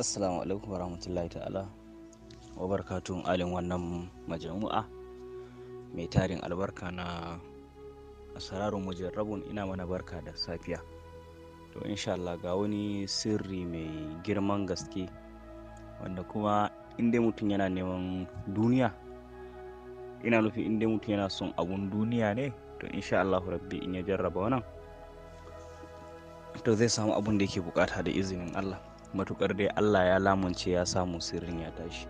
assalamu alaikum warahmatullahi ta'ala wa barkatun alin wannan majamu'a mai tarin albarka na asararun mujarrabun ina mana barka da safiya to insha Allah ga wani sirri mai girman gaske wanda kuma inda mutum yana neman duniya ina nufin inda mutum yana son abun duniya ne to insha Allah rabbi in ya jarraba wannan to zai samu abun da yake bukata da izinin Allah matukar dai allah ya lamunce ya samu sirrin ya tashi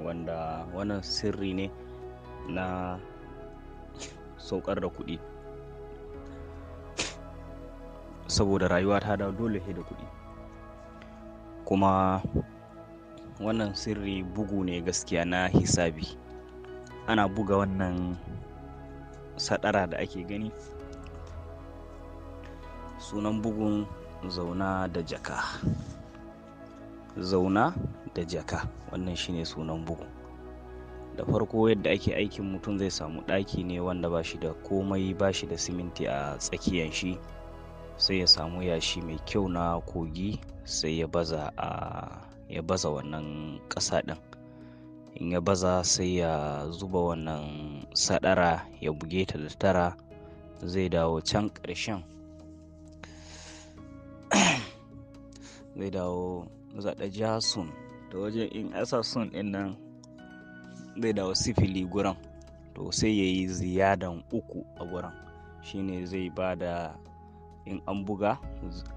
wanda wannan sirri ne na saukar da kuɗi saboda rayuwa ta da dole da kuɗi kuma wannan sirri bugu ne gaskiya na hisabi ana buga wannan sadara da ake gani sunan bugun zauna da jaka zauna da jaka wannan shine sunan bugu da farko yadda ake aikin mutum zai samu ɗaki ne wanda ba shi da komai ba shi da siminti a tsakiyan shi sai ya samu yashi mai kyau na kogi sai ya baza a ya baza wannan ƙasa ɗin in ya baza sai ya zuba wannan sadara ya buge ta da tara zai dawo can ƙarshen zai dawo zaɗa jason ta wajen in asa son ɗin nan zai dawo sifili guran to sai ya yi ziyadan uku a guran shine zai ba da in an buga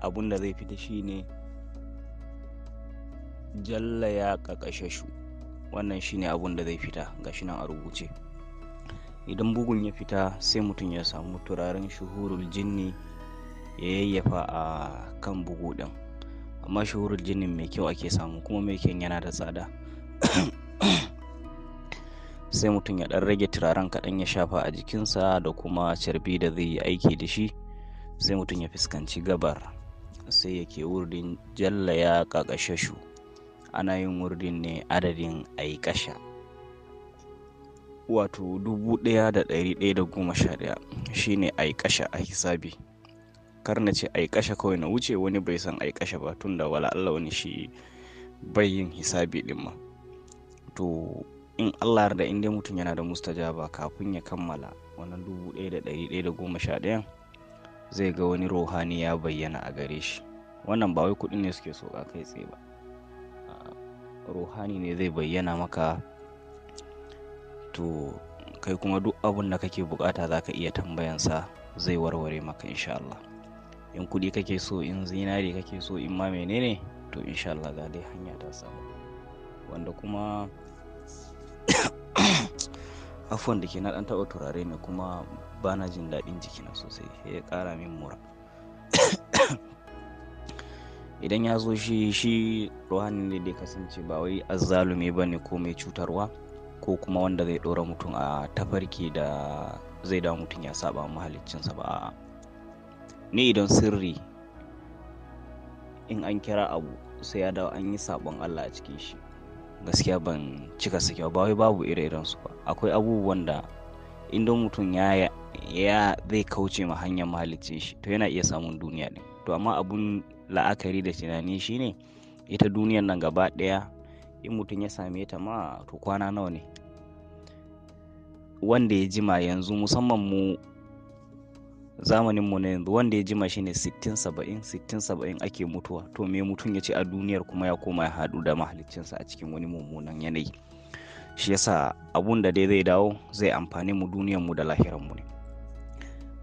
abinda zai fita shine jalla ya ƙaƙashashu wannan shine abun da zai fita gashinan nan a rubuce idan bugun ya fita sai mutum ya samu turaren shuhurul jini ya yayyafa a kan bugu ɗin amma shahurar jinin mai kyau ake samu kuma mai kyan yana da tsada sai mutum ya ɗan rage turaren kaɗan ya shafa a jikinsa da kuma carbi da zai yi aiki da shi sai mutum ya fuskanci gabar sai ya ke wurin jalla ya ƙaƙashashu ana yin wurdin ne adadin aikasha wato dubu ɗaya da ɗari ɗaya da goma sha shine aikasha a hisabi kar na ce ai kashe kawai na wuce wani bai san ai kashe ba tunda wala Allah wani shi bai yin hisabi din ma to in Allah da inda mutum yana da mustajaba kafin ya kammala wannan dubu ɗaya da ɗari ɗaya da goma sha ɗayan zai ga wani rohani ya bayyana a gare shi wannan ba wai kuɗi ne suke so a kai tsaye ba rohani ne zai bayyana maka to kai kuma duk abin da kake bukata zaka ka iya tambayansa zai warware maka insha Allah in kuɗi kake so in zinari kake so in ma menene to insha Allah ga dai hanya ta samu wanda kuma afuwan da ke na ɗan taɓa turare ne kuma bana jin daɗin jiki na sosai ya ƙara min mura idan ya zo shi shi ruhani ne da kasance ba wai azzalumi ba ne ko mai cutarwa ko kuma wanda zai ɗora mutum a tafarki da zai da mutum ya saba mahaliccinsa ba ne idan sirri in an kira abu sai ya dawo an yi sabon Allah a cikin shi gaskiya ban cika sakewa ba wai babu ire-iren su ba akwai abubuwan da indon mutum ya ya zai kauce ma hanyar mahalicin shi to yana iya samun duniya din to amma abun la'akari da tunani shine ita duniyan nan gaba daya in mutum ya same ta ma to kwana nawa ne wanda ya jima yanzu musamman mu zamanin mu na yanzu wanda ya jima shine 60 70 60 ake mutuwa to me mutum ya ce a duniyar kuma ya koma ya hadu da mahaliccinsa a cikin wani mummunan yanayi shi yasa abun da dai zai dawo zai amfani mu duniyar mu da lahiran mu ne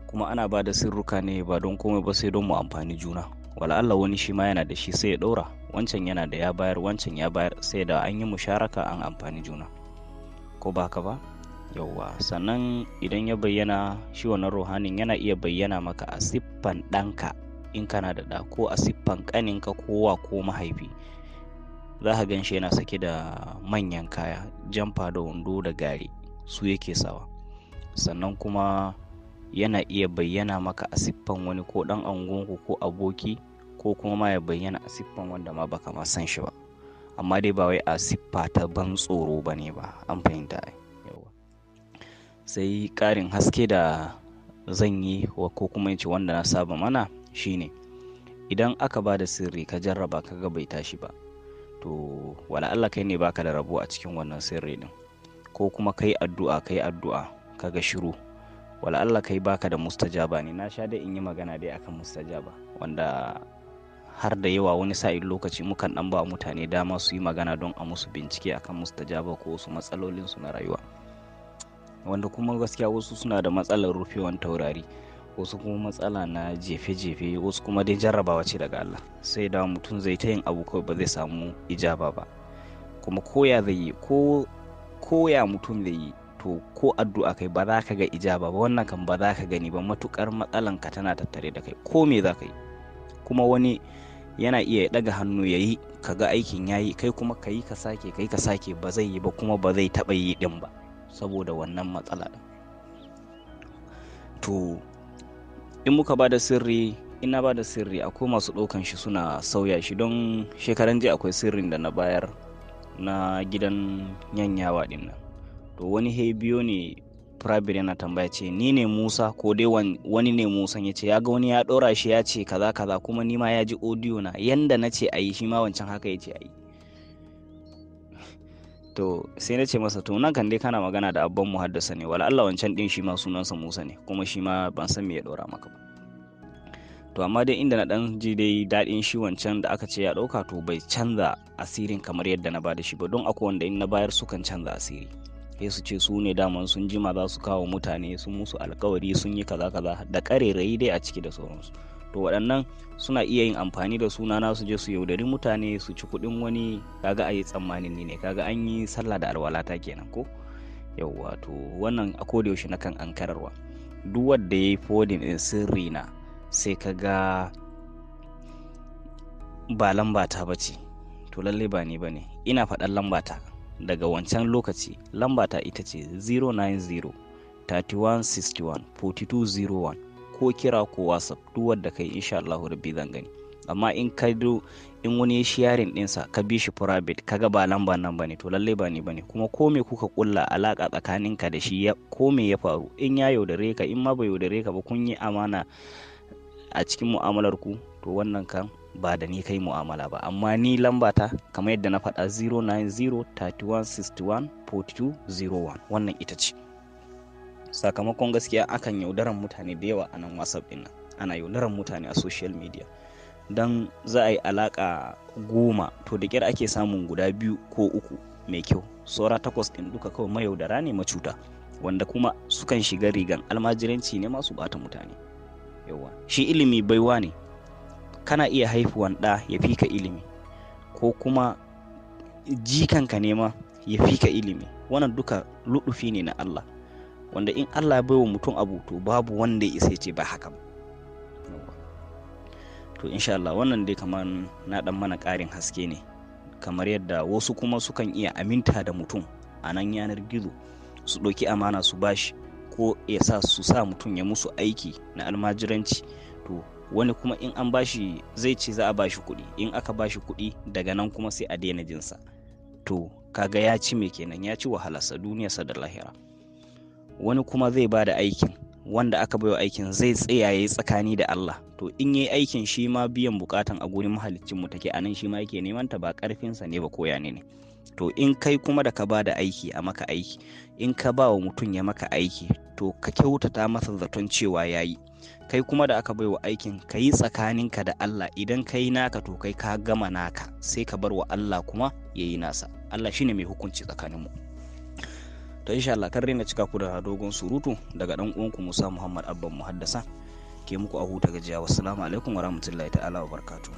kuma ana ba da sirruka ne ba don komai ba sai don mu amfani juna wala Allah wani shi ma yana da shi sai ya daura? wancan yana da ya bayar wancan ya bayar sai da an yi musharaka an amfani juna ko ba ka ba yauwa sannan idan ya bayyana shi wannan ruhanin yana iya bayyana maka a siffan ɗanka in kana da ɗa ko a siffan ƙaninka kowa ko mahaifi za ka gan shi yana sake da manyan kaya jamfa da wando da gari su yake sawa sannan kuma yana iya bayyana maka a siffan wani ko ɗan angonku ko aboki ko kuma ma ya bayyana a siffan wanda ma baka ma san shi ba amma dai ba wai a siffa ta ban tsoro ba ne ba an fahimta ai sai ƙarin haske da zan yi wa ko kuma ce wanda na saba mana shine idan aka ba da sirri ka jarraba ka ga bai tashi ba to wala Allah kai ne baka da rabo a cikin wannan sirri din ko kuma kai addu'a kai addu'a ka ga shiru wala Allah kai baka da mustajaba ne na sha dai in yi magana dai akan mustajaba wanda har da yawa wani sa'in lokaci mukan dan ba mutane dama su yi magana don a musu bincike akan mustajaba ko matsalolin su na rayuwa wanda kuma gaskiya wasu suna da matsalar rufewan taurari wasu kuma matsala na jefe-jefe wasu kuma dai jarrabawa ce daga Allah sai da mutum zai ta yin abu kawai ba zai samu ijaba ba kuma koya zai yi ko koya mutum zai yi to ko addu'a kai ba za ka ga ijaba ba wannan kan ba za ka gani ba matukar matsalan ka tana tattare da kai ko me za ka yi kuma wani yana iya ya daga hannu ya yi ka ga aikin ya yi kai kuma ka yi ka sake ka yi ka sake ba zai yi ba kuma ba zai taɓa yi din ba saboda wannan matsala to in muka ba da sirri ina ba da sirri akwai masu ɗaukan shi suna sauya shi don shekaran jiya akwai sirrin da na bayar na gidan yanyawa ɗin nan to wani he biyo ne firabir yana tambaya ce ni ne musa ko dai wani ne musan ya ce ya ga wani ya ɗora shi ya ce kaza kaza kuma ni ma ya ji odiyo na yanda na ce a yi shi ma wancan haka ya ce a yi to sai na ce masa to nan kan dai kana magana da abban muhaddasa ne wala Allah wancan din shi ma sunansa Musa ne kuma shi ma ban san me ya daura maka ba to amma dai inda na dan ji dai daɗin shi wancan da aka ce ya ɗauka to bai canza asirin kamar yadda na bada shi ba don akwai wanda in na bayar sukan canza asiri sai su ce su ne daman sun jima za su kawo mutane sun musu alkawari sun yi kaza kaza da ƙarerayi dai a ciki da sauransu to waɗannan suna iya yin amfani da sunana su je su yaudari mutane su ci kuɗin wani kaga a yi tsammanin ni ne kaga an yi sallah da ta kenan ko yauwa to wannan a yaushe na kan kararwa duk wadda ya yi fodin in sirri na sai kaga ba lambata ba ce to lalle ba ni ba ne ina faɗan lambata daga wancan lokaci lambata ita ce 090 3161 4201 ko kira ko whatsapp duk wanda kai insha Allah rabbi zan gani amma in ka do in wani ya sharing dinsa ka bi shi private kaga ba lamba nan bane to lallai ba ne bane kuma ko me kuka kulla alaka tsakanin ka da shi ko me ya faru in ya yaudare ka in ma bai yaudare ka ba kun yi amana a cikin mu'amalar ku to wannan kan ba da ni kai mu'amala ba amma ni lamba ta kamar yadda na faɗa 090 wannan ita ce sakamakon gaskiya akan yaudaran mutane da yawa a nan whatsapp din ana yaudaran mutane a social media don za a yi alaka goma to da kyar ake samun guda biyu ko uku mai kyau saura takwas ɗin duka kawai mayaudara ne macuta wanda kuma sukan shiga rigan almajiranci ne masu bata mutane yawa shi ilimi baiwa ne kana iya haifuwan ɗa ya fi ka ilimi ko kuma jikanka nema ya fi ka ilimi wannan duka luɗufi ne na Allah wanda in Allah ya baiwa mutum abu to babu wanda ya isa ce ba haka ba to insha Allah wannan dai kamar na dan mana karin haske ne kamar yadda wasu kuma sukan iya aminta da mutum a nan yanar gizo su ɗauki amana su bashi ko ya sa su sa mutum ya musu aiki na almajiranci to wani kuma in an bashi zai ce za a bashi kuɗi in aka bashi kuɗi daga nan kuma sai a daina jinsa to kaga ya ci me kenan ya ci wahalarsa duniyarsa da lahira wani kuma zai ba da aikin wanda aka baiwa aikin zai tsayaye tsakani da Allah to in yi aikin shi ma biyan bukatan a gurin mahalicin mu take anan shi ma yake neman ta ba karfinsa ne ba koya ne to in kai kuma da ka ba da aiki a maka aiki in ka ba wa mutum ya maka aiki to ka kyautata masa zaton cewa ya yi kai kuma da aka baiwa aikin ka yi tsakaninka da Allah idan ka yi naka to kai ka gama naka sai ka bar wa Allah kuma ya yi nasa Allah shine mai hukunci tsakaninmu. mu to insha Allah kar daina cika ku da dogon surutu daga dan uwanku Musa Muhammad Abban Muhaddasa ke muku a huta gajiya wassalamu alaikum warahmatullahi ta'ala barkatu.